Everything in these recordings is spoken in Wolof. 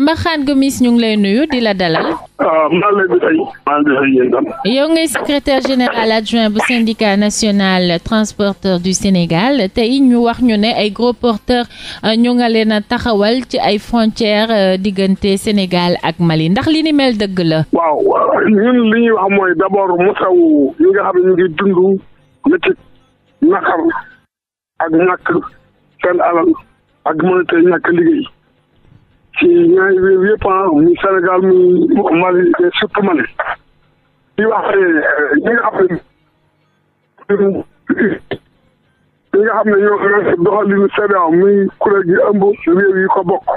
Mbakhane Gomis ñu ngi lay nuyu di la dalal. Ah, yow ngay secrétaire général adjoint bu syndicat national transporteur du Sénégal tey ñu wax ñu ne ay gros porteurs euh, ñu nga leen taxawal ci ay frontières euh, diggante Sénégal ak Mali ndax li ni dëgg la. waaw ñun li ñuy wax mooy d'abord mosawu ñi nga xam ne ñu ngi dund métit naqar ak ñàkk seen alal ak mënatee ñàkk liggéey. ci ñaari réew yëpp ah, muy Sénégal muy Mali surtout Mali di wax ñi nga xam ne ñi nga xam ne ñoo doxal doxalinu CEDEAO muy kuréel gi ëmb réew yi ko bokk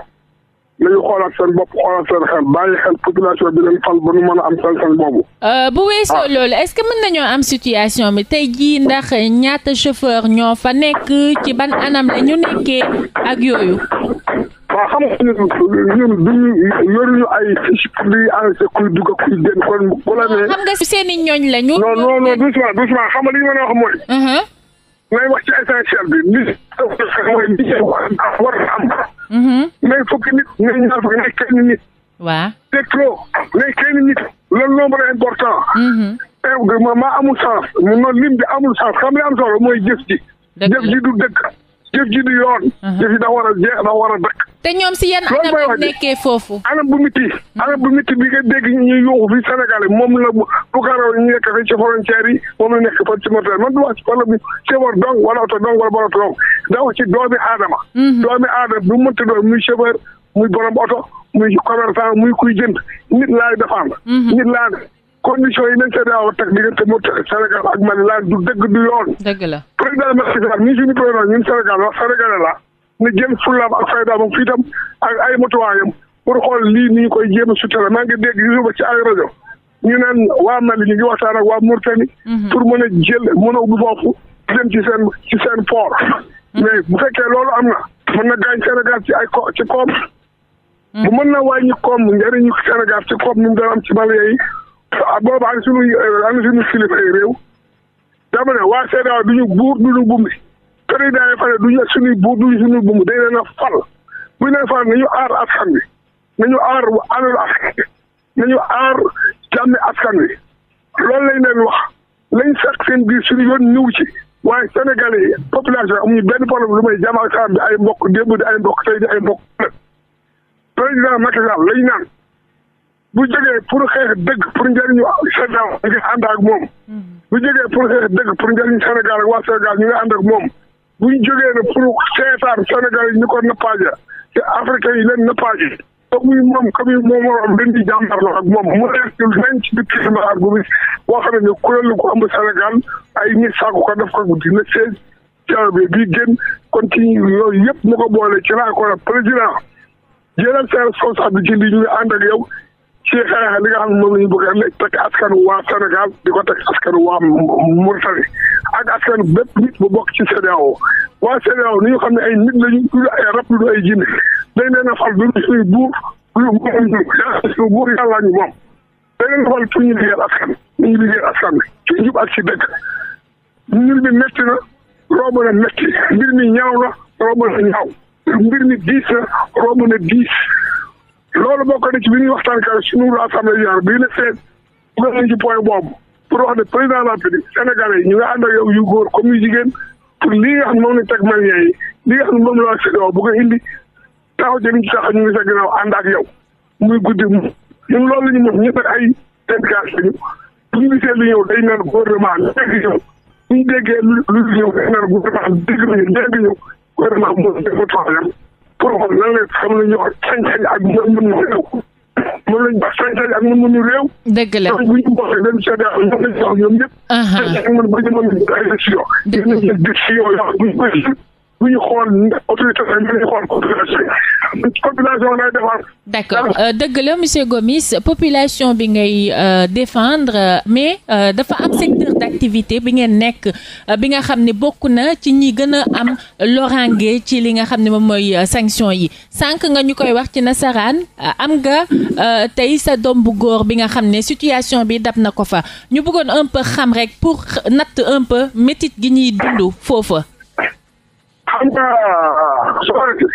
nañu xoolaat seen bopp xoolaat seen xel bàyyi xel population bi leen fal ba nu mën a am seen xel boobu. Euh, bu weesoo ah. loolu est-ce que mën nañoo am situation bi tey jii ndax ñaata chauffeur ñoo fa nekk ci ban anam la ñu nekkee ak yooyu. waa xam nga ñun duñu yoruñu ay fiche pour di enregistrer kuy dugg ak kuy génn kon bu la xam nga seen i ñooñ la ñu. non non non xam nga li ñu mën a wax mooy. Uh-huh. ngay wax ci essentiel bi a uh-huh. nit ngay ñaar trop ngay kenn nit le nombre est important. Uh-huh. maa amul sens non lim bi amul sens xam li am solo mooy jëf ji. jëf ji du dëkk. jëf ji du yoon. Uh-huh. jëf ji da war a jeex da war a dakk. te ñoom si yan anam lañ nekkee foofu. anam bu miti uh-huh. anam bu miti bi nga dégg ñu yuuxu fi Sénégal moom la bu bu garaw ñu nekk fi ci frontière yi moom la nekk fa ci mortel man du wax ci problème bi chauffeur dong wala oto dong wala borom wax ci doomi aadama. Uh-huh. doomi aadama bu mënti doon muy chauffeur muy borom oto muy commerçant muy kuy jënd nit laay défendre. nit laa condition yi nañ CEDEAO teg diggante mu Sénégal ak Mali laal du dëgg du yoon. dëgg la président Macky Sall ñun suñu président ñun Sénégal wax sénégalais la ñu jëm fullaam ak faydaam ak pour xool lii ni ñu koy jéem a sutura maa ngi dégg yu ba ci ay rajo ñu naan waa Mali ñu ngi waxtaan ak waa Mauritanie. Mhm. pour mën a jël mën a ubbi foofu dem ci seen ci seen port. Mhm. mais bu fekkee loolu am na mën na gaañ senegal ci ay ko ci koom. Mhm. bu mën na wàññi koom njëriñu Sénégal ci koom ni mu doon am ci Mali yi. Ah, boobu an suñu eh, an suñu kilifa yi réew dama ne waa CEDEAO du ñu buur du ñu bumbi président yi fa ne du ñu suñuy buur du dañ leen a fal bu ñu leen fal nañu aar askan wi nañu aar alalu askan wi nañu aar jàmmi askan loolu lañ leen wax lañ sax seen biir suñu yoon ñëw ci waaye Sénégalais yi population amuñu benn problème lu may jàmm ak bi ay mbokk démb di ay mbokk tey di ay mbokk président Macky Sall lañ naan bu jógee pour xeex dëgg pour njëriñu Sénégal ñu ngi ànd ak moom. bu jógee pour xeex dëgg pour njëriñu Sénégal ak waa Sénégal ñu ngi ànd ak moom bu ñu jógee ne pour seetaan Sénégal yi ñu ko nappaaje te africain yi leen nappaaje. comme moom comme moom moom dañ di jàmbarloo ak moom mu nekk nañ ci biir climat ak boo xam ne kuréel gu am ay nit sàkku ko def ko guddi le seize janvier bii génn kon ci yooyu yëpp mu ko boole ci laa ko président jëlal sa responsabilité bi ñu ngi ànd ak yow. ci xeex li nga xam ne moom la ñu bëgg a teg askanu waa Sénégal di ko teg askanu waa Mauritanie ak askan bépp nit bu bokk ci CEDEAO waa CEDEAO ni ñu xam ne ay nit lañu du ay rab du ay jinne dañ leen a fal du ñu suñu buur ñu suñu buur yàlla ñu moom dañ leen a fal pour ñu liggéeyal askan ñu ñu liggéeyal askan bi ci njub ak ci dëgg mbir mi métti na romb na métti mbir mi ñaaw na romb na ñaaw mbir mi diis na romb na diis loolu bokk na ci bi ñuy waxtaan ka suñu assemblée jaar bii la seet mel nañ ci point boobu pour wax ne président de la République sénégalais yi ñu nga ànd ak yow yu góor comme yu jigéen pour li nga xam ne moom lañ teg malien yi li nga xam ne moom la séddoo bu nga indi taxaw ci liñ ci tax ñu ngi sa ginnaaw ànd ak yow muy guddi mu ñun loolu la ñu mos ñun nag ay syndicat lañu bu ñu gisee lu ñëw day naan gouvernement léegi ñëw bu ñu déggee lu ñëw day naan gouvernement dégg nañu léegi ñëw gouvernement moom dafa toog pour xool nan la xam ne ñoo sañ-sañ ak mën-mënu réew mën lañ ba sañ-sañ ak mën-mënu réew. dëgg la bu ñu waxee dañu seede am ñoom lañ jox ñoom ñëpp. sañ-sañ ak mën ba ñu mën a élection. dëgg a bu ñu xool autorité euh, la ñu population monsieur Gomis population bi ngay euh, défendre mais euh, dafa am secteur d' activité bi ngeen nekk bi nga xam ni bokk na ci ñi gën a am lorange ci li nga xam ne moom mooy sanction yi sànq nga ñu koy wax ci nasaraan am nga tey sa doom bu góor bi nga xam ne situation bi dab na ko fa ñu bëggoon un peu xam rek pour natt un peu métit gi ñuy dund foofa. xam mm-hmm. nga soxorati.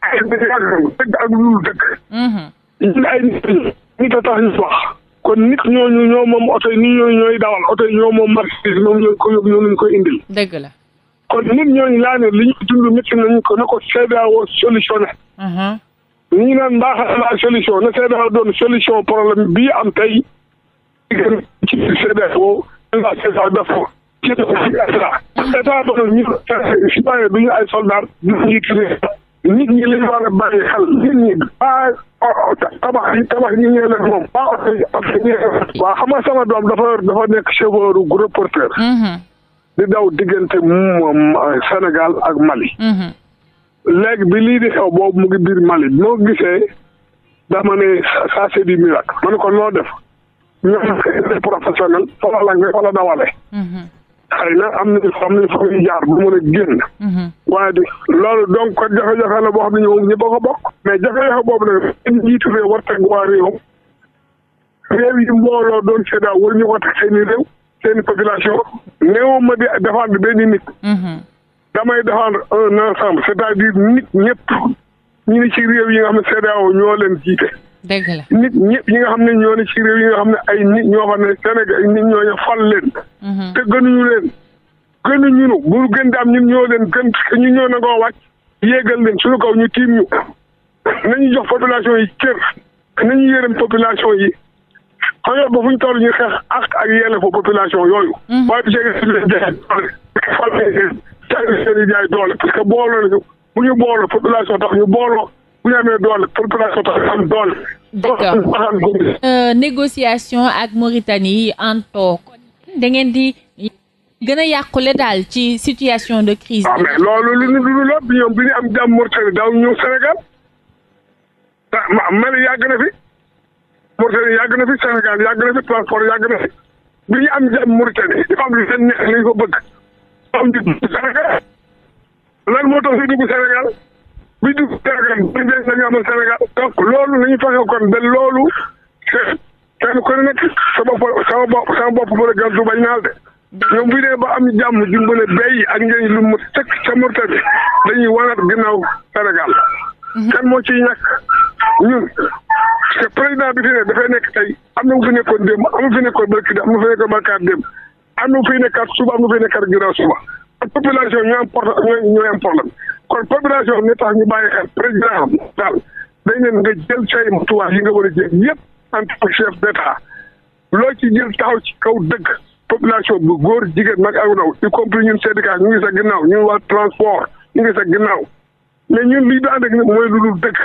ay dëgg dëgg ak lu dëgg. ñun mm-hmm. ay nit nit a tax ñu wax. kon nit ñooñu ñoo moom oto yi nit ñooñu ñooy dawal oto yi ñoo moom marchandise moom ñoo ko yóbbu ñoo ñu koy indil. dëgg la. kon nit ñooñu laa ne li ñu dund métti nañu ko na ko CEDEAO solutionné. Mm-hmm. ñu ngi naan mbaaxal naa solution na CEDEAO doon solution problème bii am tey. ci CEDEAO. dafa ci état boobu ñun citoyen ay soldat du nit ñi li ñu war a bàyyi xel nit ñi ba oh, oh, tabax yi tabax ñi ñëw leen moom ba xam nga sama doom dafa dafa nekk chauffeur gros porteur mm-hmm. di daw diggante moom Sénégal ak Mali mm-hmm. léegi bi lii di xew boobu mu ngi biir Mali moo gisee dama ne ça c'est du miracle ma ne ko noo def ñoom professionnel fala la dawale mm-hmm. xëy na am na am na fa ñu jaar bu mën a génn. Mhm. waaye de loolu donc jafe-jafe la boo xam ne ñu ñëpp a bokk. mais jafe-jafe boobu nag seen jiitu réew réew yi mbooloo doon CEDEAO war ñu ko teg seen ma di défendre benn nit. Mhm. damay défendre un ensemble c'est-à-dire nit ñëpp ñu ni ci réew yi nga xam ne CEDEAO ñoo leen jiite. dëgg la nit ñëpp ñi nga xam ne ñoo ne ci réew yi nga xam ne ay nit ñoo xam ne Sénégal nit ñoo ñu fal leen. Mhm. te gënuñu leen gënuñu ñu bu gën daam ñu ñoo leen gën ñun ñoo nangoo wàcc yéegal leen suñu kaw ñu tiim ñu nañu jox population yi cër ñu yërëm population yi xam nga ba fu ñu toll ñu xeex ak ak fo population yooyu. Mhm. waaye bu seegee suñu jaay doole jaay doole parce que booloo nañu bu ñu booloo population tax ñu booloo. bu ñu amee doole population tax am doole. d'accord euh, négociation ak yi en toog da ngeen di gën a yàqule daal ci situation de crise ah loolu lu ñu loolu bi ñoom bi ñu am jàmm Mauritanie daaw ñëw Sénégal ah, Mali yàgg na fi Mauritanie yàgg na fi Sénégal yàgg na fi transport yàgg na fi bi ñu am jàmm Mauritanie dafa am lu seen neex lañ ko bëgg am di Sénégal lan moo tax ñu dugg Sénégal ñu amal Sénégal donc loolu nañu fexe kon ba loolu kenn ku nekk sa bopp sama bopp sama bopp ba la gàntu bañ de ñoom bu dee ba am jàmm ju mën a béy ak njëriñ lu mu teg ca Mauritanie dañuy wanaat ginnaaw Sénégal. Mhm. kan moo ci ñàkk ñun parce que bi fi ne dafay nekk tey am na mu fi nekkoon démb am na fi nekkoon barki am na fi nekkoon am na mu fi nekkaat suba am na suba ak population ñoo am kon population bi ne tax ñu bàyyi xel président daal dañ leen nga jël say matuwaay yi nga war a jël yëpp en tant que chef loo ci jël taxaw ci kaw dëgg population bu góor jigéen mag ak ndaw y compris ñun syndicat ñu ngi sa ñu ñun waa transport ñu ngi sa ginnaaw mais ñun lii daan rek ne mooy lu dul dëgg.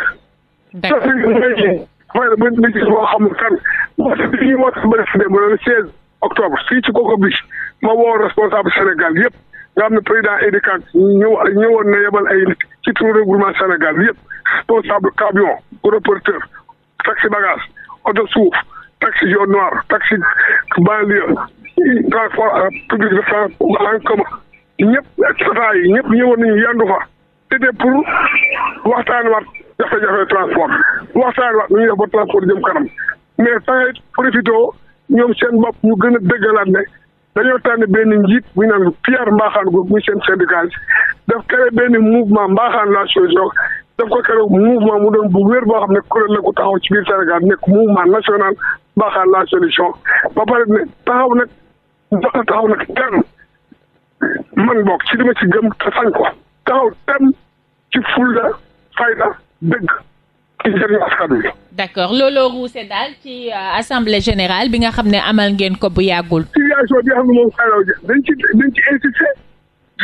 mooy la benn gis boo xamul kan parce que bi ñu octobre fii ci kooku bi ma woo responsable Sénégal yëpp. nga xam président EDECAC ñëw ñëwoon na yebal ay nit ci tout regroupement Sénégal yëpp responsable camion reporteur taxi bagage oto suuf taxi jaune noir taxi banlieue transport euh, public de transport en commun ñëpp tata yi ñëpp ñëwoon nañu pour waxtaan waat jafe-jafe transport waxtaan waat nu ñuy def transport jëm kanam mais tamit profito ñoom seen bopp ñu gën a dëggalaat ne dañoo tànn benn njiit bu ñu naan Pierre Mbaxaan Groupe muy seen syndicat daf créé benn mouvement Mbaxaan la solution daf ko créé mouvement mu doon bu wér boo xam ne kuréel la ku taxaw ci biir Sénégal nekk mouvement national Mbaxaan la solution ba pare ne taxaw nag dafa taxaw nag tem man bokk ci li ma ci gëm te sañ ko taxaw tem ci fulla fayda dëgg d' accord looloo ruuse daal ci euh, assemblée générale bi nga xam ne amal ngeen ko bu situation bi nga xam ne moom xaaral dañ ci dañ ci insisté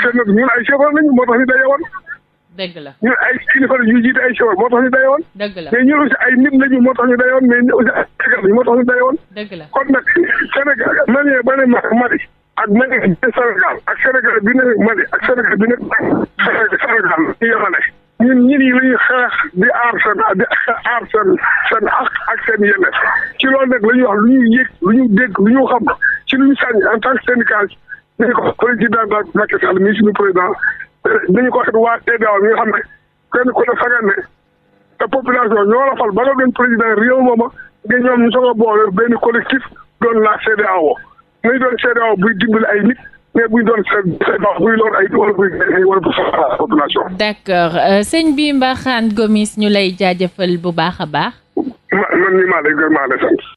te nag ñun ay chauffeur lañu moo tax ñu daje woon. dëgg la ñun ay kilifa la ñuy jiite ay chauffeur moo tax ñu daje woon. dëgg la mais ñun aussi ay nit lañu moo tax ñu daje woon mais aussi ay Sénégal lañu moo tax ñu daje woon. dëgg la kon nag Sénégal Malien ba ne Mali ak Mali bi ne Sénégal ak Sénégal bi ne Mali ak Sénégal bi ne Sénégal ñu yemale. ñun ñun yi la ñuy xeex di aar seen di aar seen seen ak ak seen yeneen ci loolu nag la ñuy wax lu ñuy yëg lu ñu dégg lu ñu xam. ci luñ sañ en tant que syndicat nañu ko président daal Macky Sall mi suñu président nañu ko waxee waa CEDEAO mi nga xam ne kenn ku ne fa te population ñoo la fal ba nga doon président réew mooma nga ñoom ñu soog a boole benn collectif doon la CEDEAO nañu doon CEDEAO buy dimbali ay nit. mais bu ñu doon buy lor ay wala buy wala bu population. d'accord euh, sëñ bi Mbaxane Gomis ñu lay jaajëfal bu baax a baax. man ni maa lay gërëm maa lay